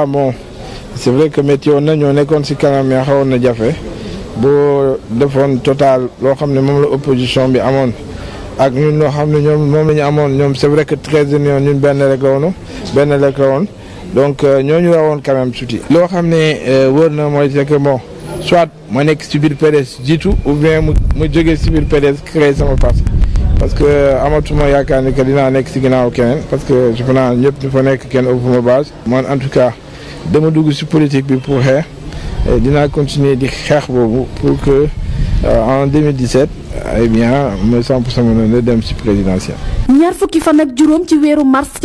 ah bon c'est vrai que météo woon na nekkoon ci kanam mais xawoon na jafe boo defoon total loo xam ne moom la opposition bi amoon ak ñun loo xam ne ñoom moom la ñu amoon ñoom c'est vrai que treize union ñun benn rek la woon benn rek la woon donc euh, ñooñu rawoon quand même tuuti. loo xam ne euh, wóor na mooy c'est que bon soit ma nekk ci biir PDS jiitu ou bien mu mu jógee ci biir PDS créer sama parti parce que euh, amatuma yaakaar ni que dinaa nekk ci ginnaaw keneen parce que je pense ñëpp ñu fa nekk kenn ëpp ma base man dama dugg si politique bi pour xeex dinaa continuer di xeex boobu pour que euh, en 2017 eh bien ma samp sama noonu dem ci présidentielle. ñaar fukki fan ak juróom ci weeru mars.